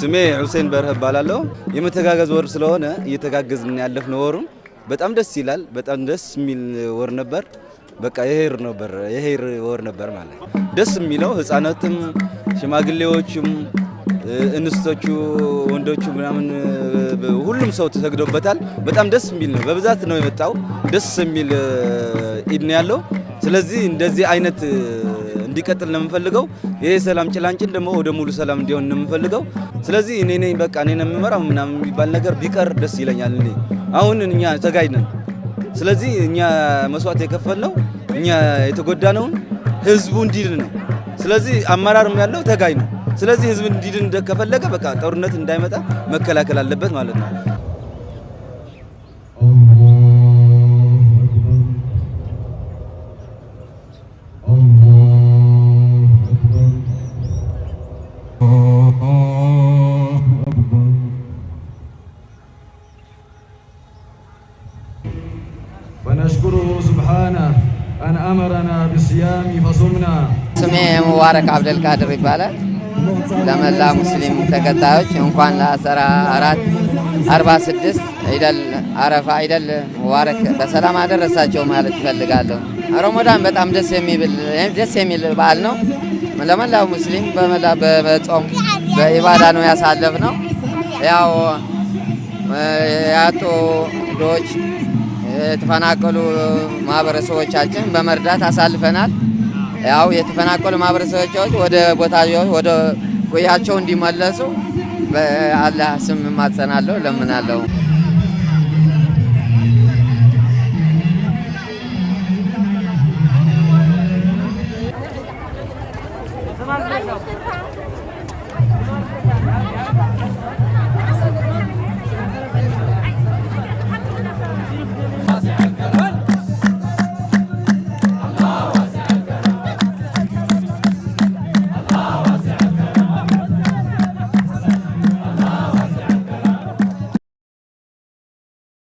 ስሜ ሁሴን በርህ እባላለሁ። የመተጋገዝ ወር ስለሆነ እየተጋገዝን ያለፍነው ወሩም በጣም ደስ ይላል። በጣም ደስ የሚል ወር ነበር። በቃ የሄር ነበር የሄር ወር ነበር ማለት ደስ የሚለው ህፃናትም ሽማግሌዎችም እንስቶቹ ወንዶቹ ምናምን ሁሉም ሰው ተሰግዶበታል። በጣም ደስ የሚል ነው። በብዛት ነው የመጣው። ደስ የሚል ኢድ ነው ያለው። ስለዚህ እንደዚህ አይነት እንዲቀጥል ነው የምፈልገው። ይሄ ሰላም ጭላንጭል ደግሞ ወደ ሙሉ ሰላም እንዲሆን ነው የምፈልገው። ስለዚህ እኔ ነኝ በቃ እኔ ነው የምመራው ምናምን የሚባል ነገር ቢቀር ደስ ይለኛል። እኔ አሁን እኛ ተጋይነን። ስለዚህ እኛ መስዋዕት የከፈልነው እኛ የተጎዳነውን ህዝቡ እንዲድን ነው። ስለዚህ አመራርም ያለው ተጋይ ነው። ስለዚህ ህዝብ እንዲድን እንደከፈለገ በቃ ጦርነት እንዳይመጣ መከላከል አለበት ማለት ነው። ونشكره سبحانه أن أمرنا بالصيام فصمنا ስሜ ሙባረክ አብደልቃድር ይባላል። ለመላ ሙስሊም ተከታዮች እንኳን ለአስራ አራት አርባ ስድስት ኢደል አረፋ ኢደል ሙባረክ በሰላም አደረሳቸው ማለት ይፈልጋለሁ። ረመዳን በጣም ደስ የሚብል ደስ የሚል በዓል ነው። ለመላው ሙስሊም በመላ በመጾም በኢባዳ ነው ያሳለፍ ነው። ያው ያጡ ዶች የተፈናቀሉ ማህበረሰቦቻችን በመርዳት አሳልፈናል። ያው የተፈናቀሉ ማህበረሰቦች ወደ ቦታ ወደ ቆያቸው እንዲመለሱ በአላህ ስም ማጸናለሁ፣ ለምናለሁ።